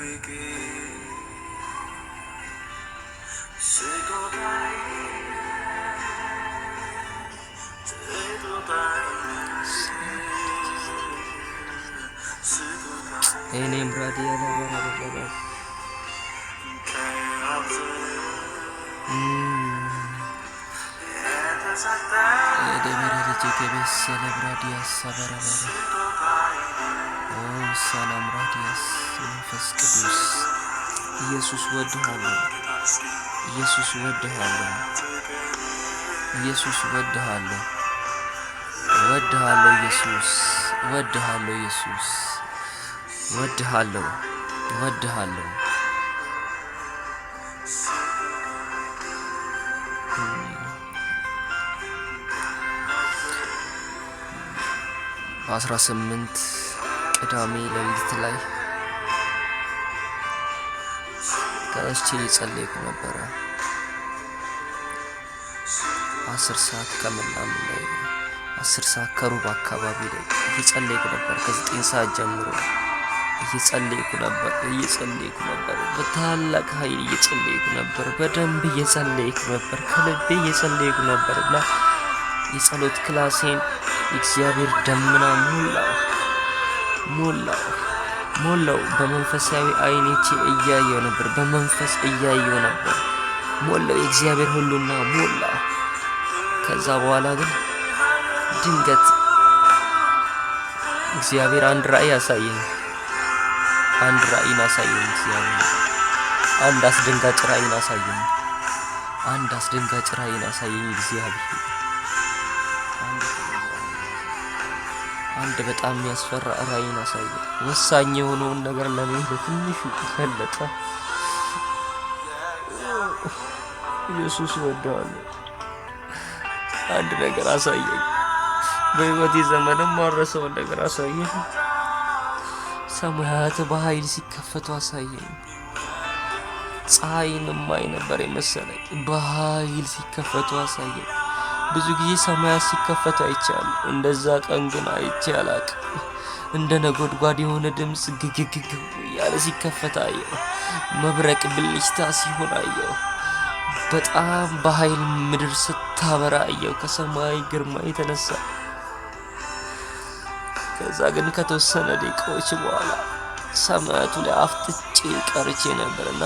Ini berarti ada berapa berapa? Hmm. Ada berarti juga bisa ada berarti ya, sabar sabar. ኦ ሰላም ራዲያስ መንፈስ ቅዱስ ኢየሱስ ወድሃለሁ፣ ኢየሱስ ወድሃለሁ፣ ኢየሱስ ወድሃለሁ፣ ወድሃለሁ፣ ኢየሱስ ወድሃለሁ፣ ኢየሱስ ወድሃለሁ፣ ወድሃለሁ በአስራ ስምንት ቅዳሜ ሌሊት ላይ ተነስቼ እየጸለይኩ ነበረ። አስር ሰዓት ከምናምን ላይ አስር ሰዓት ከሩብ አካባቢ ላይ እየጸለይኩ ነበር። ከዘጠኝ ሰዓት ጀምሮ እየጸለይኩ ነበር እየጸለይኩ ነበር። በታላቅ ኃይል እየጸለይኩ ነበር። በደንብ እየጸለይኩ ነበር። ከልቤ እየጸለይኩ ነበር እና የጸሎት ክላሴን እግዚአብሔር ደመና ሞላው። ሞላው ሞላው በመንፈሳዊ አይኔቼ እያየው ነበር። በመንፈስ እያየው ነበር። ሞላው የእግዚአብሔር ሁሉና ሞላ። ከዛ በኋላ ግን ድንገት እግዚአብሔር አንድ ራእይ አሳየኝ። አንድ ራእይን አሳየኝ እግዚአብሔር አንድ አስደንጋጭ ራእይን አሳየኝ። አንድ አስደንጋጭ ራእይን አሳየኝ እግዚአብሔር አንድ በጣም የሚያስፈራ ራዕይን አሳየ። ወሳኝ የሆነውን ነገር ለኔ በትንሹ ገለጠ። ኢየሱስ ወደዋል። አንድ ነገር አሳየ። በሕይወቴ ዘመንም ማረሰውን ነገር አሳየ ሰማያት በኃይል ሲከፈቱ አሳየኝ። ፀሐይንም አይ ነበር የመሰለኝ። በኃይል ሲከፈቱ አሳየኝ። ብዙ ጊዜ ሰማያት ሲከፈት አይቻል፣ እንደዛ ቀን ግን አይቼ አላቅ። እንደ ነጎድጓድ የሆነ ድምፅ ግግግግ ያለ ሲከፈት አየሁ። መብረቅ ብልጭታ ሲሆን አየሁ። በጣም በኃይል ምድር ስታበራ አየሁ፣ ከሰማይ ግርማ የተነሳ። ከዛ ግን ከተወሰነ ደቂቃዎች በኋላ ሰማያቱ ላይ አፍጥጬ ቀርቼ ነበርና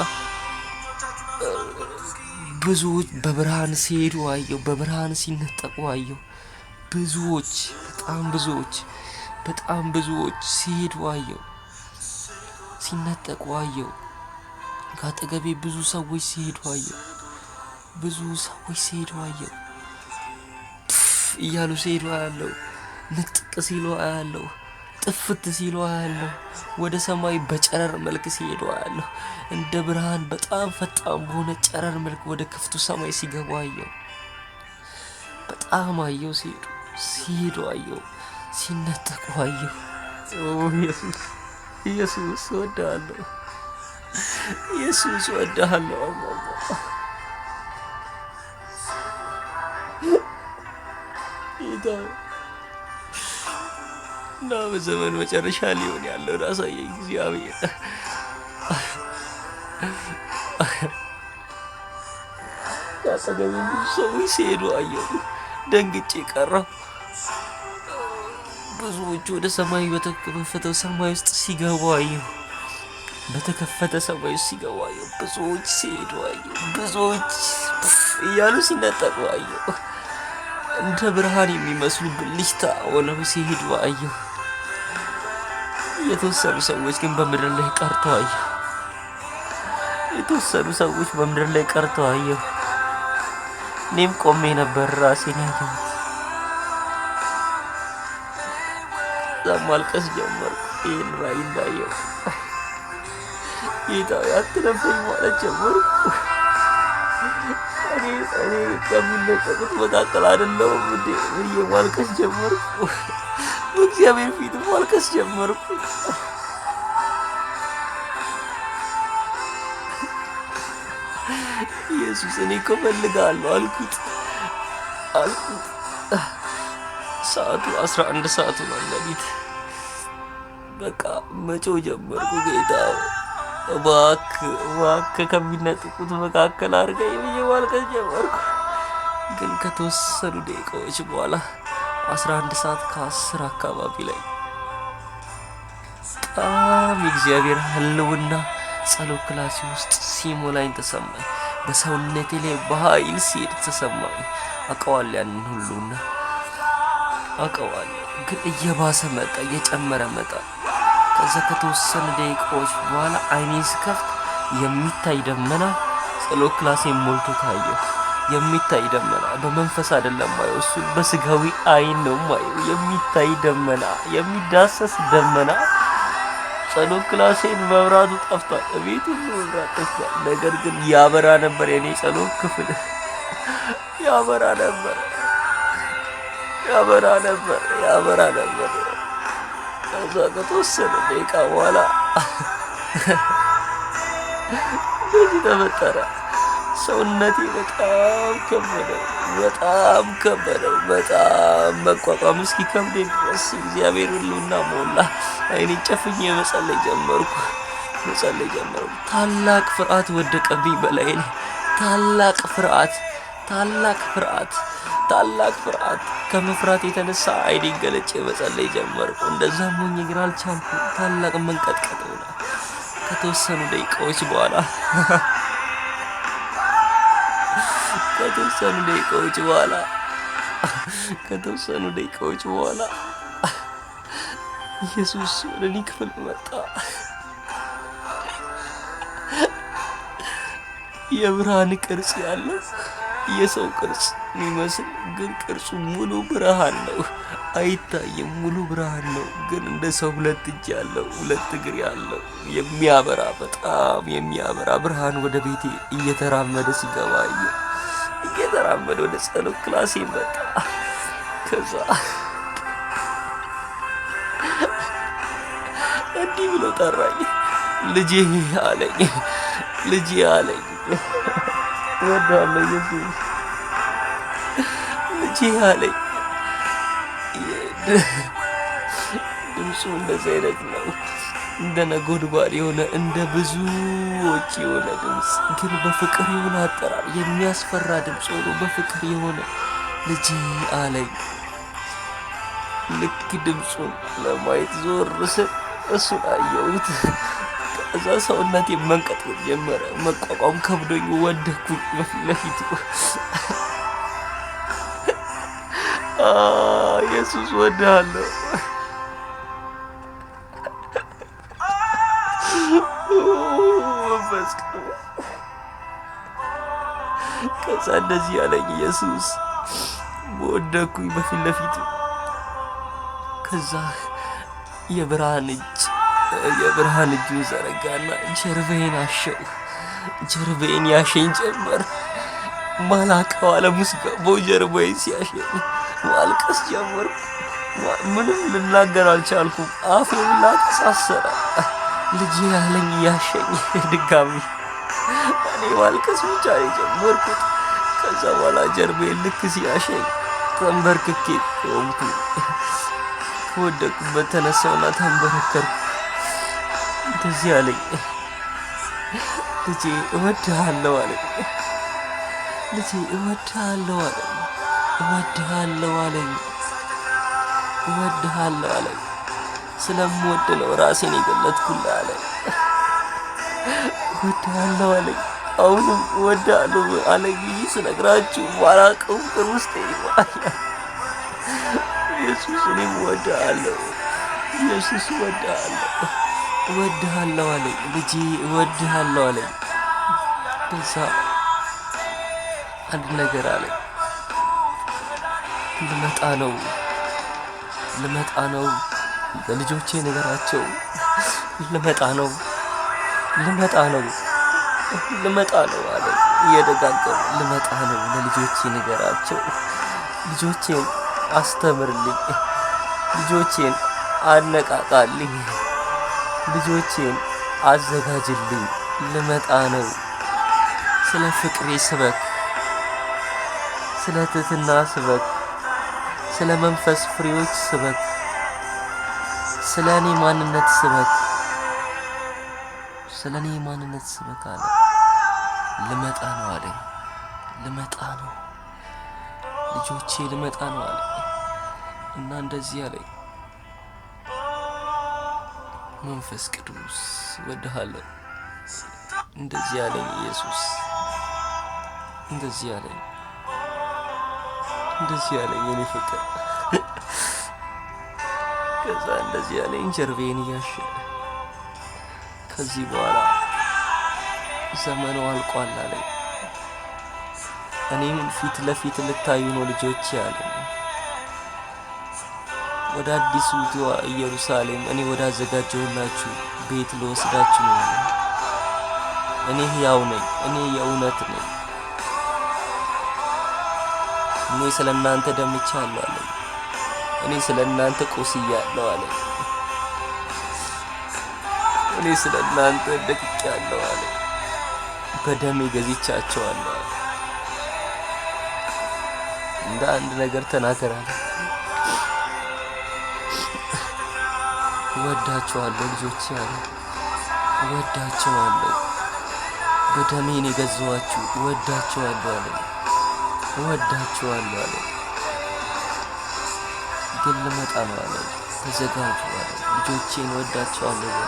ብዙዎች በብርሃን ሲሄዱ አየሁ፣ በብርሃን ሲነጠቁ አየሁ። ብዙዎች በጣም ብዙዎች በጣም ብዙዎች ሲሄዱ አየሁ፣ ሲነጠቁ አየሁ። ከአጠገቤ ብዙ ሰዎች ሲሄዱ አየሁ፣ ብዙ ሰዎች ሲሄዱ አየሁ። እያሉ ሲሄዱ አያለሁ፣ ንጥቅ ሲሉ አያለሁ። ጥፍት ሲሉ አያለሁ። ወደ ሰማይ በጨረር መልክ ሲሄዱ አያለሁ። እንደ ብርሃን በጣም ፈጣን በሆነ ጨረር መልክ ወደ ክፍቱ ሰማይ ሲገቡ አየሁ። በጣም አየሁ። ሲሄዱ ሲሄዱ አየሁ። ሲነጠቁ አየሁ። ኢየሱስ ኢየሱስ እወድሃለሁ። ኢየሱስ እወድሃለሁ። ጌታ እና በዘመን መጨረሻ ሊሆን ያለውን አሳየኝ እግዚአብሔር። ያሰገቢ ሰዎች ሲሄዱ አየሁ፣ ደንግጬ ቀረሁ። ብዙዎቹ ወደ ሰማይ በተከፈተው ሰማይ ውስጥ ሲገቡ አየሁ። በተከፈተ ሰማይ ውስጥ ሲገቡ አየሁ። ብዙዎች ሲሄዱ አየሁ። ብዙዎች እያሉ ሲነጠቁ አየሁ። እንደ ብርሃን የሚመስሉ ብልጭታ ሆነው ሲሄዱ አየሁ። የተወሰኑ ሰዎች ግን በምድር ላይ ቀርተው አየሁ። የተወሰኑ ሰዎች በምድር ላይ ቀርተው አየሁ። እኔም ቆሜ ነበር ራሴን ያየሁት። እዛ ማልቀስ ጀመርኩ። ይህን ራዕይ እንዳየሁ ጌታ አትለፈኝ ማለት ጀመርኩ። እኔ ከሚለቀቁት መካከል አይደለሁም እንዴ ብዬ ማልቀስ ጀመርኩ። በእግዚአብሔር ፊት ማልቀስ ጀመርኩ። ኢየሱስ እኔ እኮ እፈልግሃለሁ አልኩት አልኩት። ሰዓቱ አስራ አንድ ሰዓቱ ነው ለሊት። በቃ መጮ ጀመርኩ። ጌታ እባክህ እባክህ ከሚነጥቁት መካከል አድርገኝ ብዬ ማልቀስ ጀመርኩ። ግን ከተወሰኑ ደቂቃዎች በኋላ 11 ሰዓት ከ10 አካባቢ ላይ በጣም የእግዚአብሔር ህልውና ጸሎት ክላሴ ውስጥ ሲሞላኝ ተሰማኝ። በሰውነቴ ላይ በኃይል ሲሄድ ተሰማኝ። አቀዋል ያንን ሁሉና አቀዋል ግን እየባሰ መጣ፣ እየጨመረ መጣ። ከዛ ከተወሰነ ደቂቃዎች በኋላ አይኔን ስከፍት የሚታይ ደመና ጸሎት ክላሴ ሞልቶ ታየሁ። የሚታይ ደመና በመንፈስ አይደለም ማየው፣ እሱ በስጋዊ አይን ነው ማየው። የሚታይ ደመና፣ የሚዳሰስ ደመና። ጸሎት ክላሴን መብራቱ ጠፍቷል፣ እቤት ሁሉ መብራት ጠፍቷል። ነገር ግን ያበራ ነበር፣ የኔ ጸሎት ክፍል ያበራ ነበር፣ ያበራ ነበር፣ ያበራ ነበር። ከዛ ከተወሰነ ደቂቃ በኋላ እንደዚህ ተፈጠረ። ሰውነቴ በጣም ከበደው፣ በጣም ከበደው፣ በጣም መቋቋም እስኪከብደኝ ድረስ እግዚአብሔር ሁሉና ሞላ። አይኔ ጨፍኝ መጸለይ ጀመርኩ፣ መጸለይ ጀመርኩ። ታላቅ ፍርሃት ወደቀብኝ በላይ ነው። ታላቅ ፍርሃት፣ ታላቅ ፍርሃት፣ ታላቅ ፍርሃት። ከመፍራት የተነሳ አይኔን ገለጭ መጸለይ ጀመርኩ። እንደዛም ሆኜ ግን አልቻልኩ። ታላቅ መንቀጥቀጥ ሆነ። ከተወሰኑ ደቂቃዎች በኋላ ከተወሰኑ ደቂቃዎች በኋላ ከተወሰኑ ደቂቃዎች በኋላ ኢየሱስ ወደ እኔ ክፍል መጣ። የብርሃን ቅርጽ ያለው የሰው ቅርጽ የሚመስል ግን ቅርጹ ሙሉ ብርሃን ነው፣ አይታይም። ሙሉ ብርሃን ነው ግን እንደ ሰው ሁለት እጅ ያለው ሁለት እግር ያለው የሚያበራ በጣም የሚያበራ ብርሃን ወደ ቤቴ እየተራመደ ሲገባ እየተራመደ ወደ ጸሎት ክላስ ይመጣ። ከዛ እንዲህ ብሎ ጠራኝ፣ ልጄ አለኝ፣ ልጄ አለኝ፣ እወድሃለሁ ኢየሱስ፣ ልጄ አለኝ። ድምፁ እንደዚህ አይነት ነው፣ እንደ ነጎድጓድ የሆነ እንደ ብዙ ወጪ የሆነ ድምፅ ግን በፍቅር የሆነ አጠራር የሚያስፈራ ድምፅ ሆኖ በፍቅር የሆነ ልጅ አለኝ። ልክ ድምፁን ለማየት ዞር ስል እሱን አየሁት። ከዛ ሰውነቴ መንቀጥቀጥ ጀመረ። መቋቋም ከብዶኝ ወደኩኝ በፊት የሱስ ወድሃለሁ ከዛ እንደዚህ ያለኝ ኢየሱስ በወደኩኝ በፊት ለፊቱ ከዛ የብርሃን እጅ የብርሃን እጁ ዘረጋና ጀርቤን አሸው። ጀርቤን ያሸኝ ጀመር። ማላቀው ዓለም ውስጥ ገቦ ጀርበዬን ሲያሸኝ ማልቀስ ጀመር። ምንም ልናገር አልቻልኩም። አፌ ላተሳሰረ ልጅ ያለኝ ያሸኝ ድጋሚ እኔ ማልቀስ ብቻ ነው የጀመርኩት። ከዛ በኋላ ጀርባዬን ልክ ሲያሸኝ ተንበርክኬ ቆምኩ። ከወደቅኩበት ተነሳውና ተንበረከርኩ። እንደዚህ አለኝ፣ ልጄ እወድሃለሁ አለኝ። ልጄ እወድሃለሁ አለኝ። እወድሃለሁ አለኝ። እወድሃለሁ አለኝ። ስለምወድ ነው ራሴን የገለጥኩልህ አለኝ። እወድሃለሁ አለኝ። አሁንም እወድሃለሁ አለኝ። ይህ ስነግራችሁ ማራቀው ፍቅር ውስጥ ይባል ኢየሱስ፣ እኔም ኢየሱስ፣ አለኝ። አለኝ። በዛ አንድ ነገር አለኝ። ልመጣ ነው ልመጣ ነው። ለልጆቼ ነገራቸው ልመጣ ነው ልመጣ ነው ልመጣ ነው አለ እየደጋገመ። ልመጣ ነው ለልጆቼ ንገራቸው፣ ልጆቼን አስተምርልኝ፣ ልጆቼን አነቃቃልኝ፣ ልጆቼን አዘጋጅልኝ፣ ልመጣ ነው። ስለ ፍቅሬ ስበክ፣ ስለ ትህትና ስበክ፣ ስለ መንፈስ ፍሬዎች ስበክ፣ ስለ እኔ ማንነት ስበክ። ስለ እኔ ማንነት ስበካ አለ። ልመጣ ነው አለ። ልመጣ ነው ልጆቼ፣ ልመጣ ነው አለ እና እንደዚህ አለ። መንፈስ ቅዱስ ወድሃለሁ፣ እንደዚህ አለኝ ኢየሱስ። እንደዚህ አለኝ፣ እንደዚህ አለኝ የኔ ፍቅር። ከዛ እንደዚህ አለኝ ጀርቤን እያሸ ከዚህ በኋላ ዘመኑ አልቋል አለ። እኔም ፊት ለፊት ልታዩ ነው ልጆች አለኝ። ወደ አዲሱ ኢየሩሳሌም እኔ ወደ አዘጋጀሁላችሁ ቤት ልወስዳችሁ ነው። እኔ ሕያው ነኝ፣ እኔ የእውነት ነኝ። እኔ ስለ እናንተ ደምቻለሁ አለ። እኔ ስለ እናንተ ቆስያለሁ አለ። እኔ ስለ እናንተ ደቅቅ ያለው አለ በደሜ ገዝቻቸዋለሁ አለ። እንደ አንድ ነገር ተናገራለ። ወዳቸዋለሁ ልጆች አለ። ወዳቸዋለሁ በደሜን የገዛኋችሁ ወዳቸዋለሁ አለ። ወዳቸዋለሁ አለ። ግን ልመጣ ነው አለ። ተዘጋጁ አለ። ልጆቼን ወዳቸዋለሁ።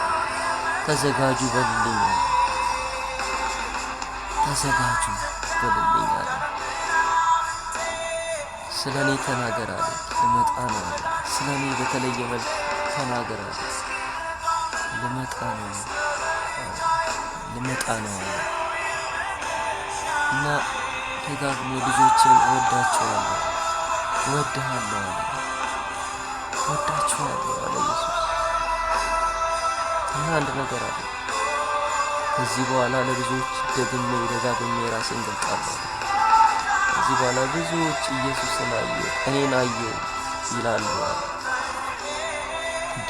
ተዘጋጁ በልልኝ አለ። ተዘጋጁ በልልኝ አለ። ስለ እኔ ተናገር አለ። ልመጣ ነው አለ። ስለ እኔ በተለየ መልክ ተናገር አለ። ልመጣ ነው ልመጣ ነው አለ እና ደጋግሞ ልጆችን እወዳቸዋለሁ እወድሃለሁ አለ እወዳቸዋለሁ አለ ኢየሱስ ይህ አንድ ነገር አለ። ከዚህ በኋላ ለብዙዎች ደግሜ ደጋግሜ ራሴን ገልጣለሁ። ከዚህ በኋላ ብዙዎች ኢየሱስን አየ፣ እኔን አየ ይላሉ።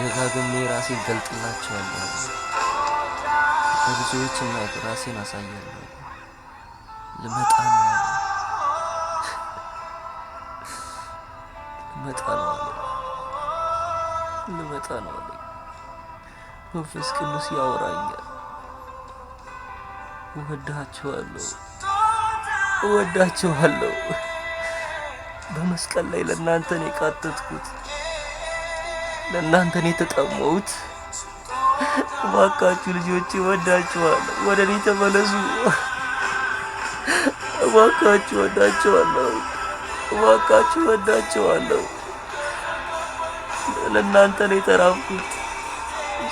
ደጋግሜ ራሴን ገልጥላቸዋለሁ። ለብዙዎች እና ራሴን አሳያለሁ። ልመጣ ነው ያለ ልመጣ ነው ያለ ልመጣ ነው አለ። መንፈስ ቅዱስ ያወራኛል። እወዳችኋለሁ፣ እወዳችኋለሁ። በመስቀል ላይ ለእናንተን የቃተትኩት ለእናንተን የተጠመውት እባካችሁ ልጆች እወዳችኋለሁ፣ ወደ እኔ ተመለሱ። እባካችሁ እወዳችኋለሁ፣ እባካችሁ እወዳችኋለሁ። ለእናንተን የተራብኩት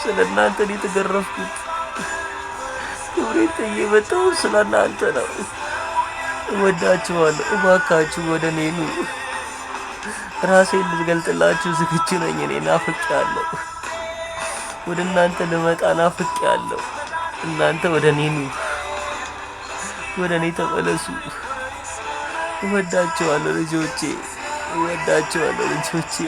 ስለ እናንተ ነው የተገረፍኩት። ክብሬትዬ በጣም ስለ እናንተ ነው። እወዳችኋለሁ። እባካችሁ ወደ እኔ ኑ። ራሴን ልገልጥላችሁ ዝግጁ ነኝ። እኔ ናፍቄያለሁ። ወደ እናንተ ልመጣ ናፍቄያለሁ። እናንተ ወደ እኔ ኑ፣ ወደ እኔ ተመለሱ። እወዳችኋለሁ ልጆቼ፣ እወዳችኋለሁ ልጆቼ።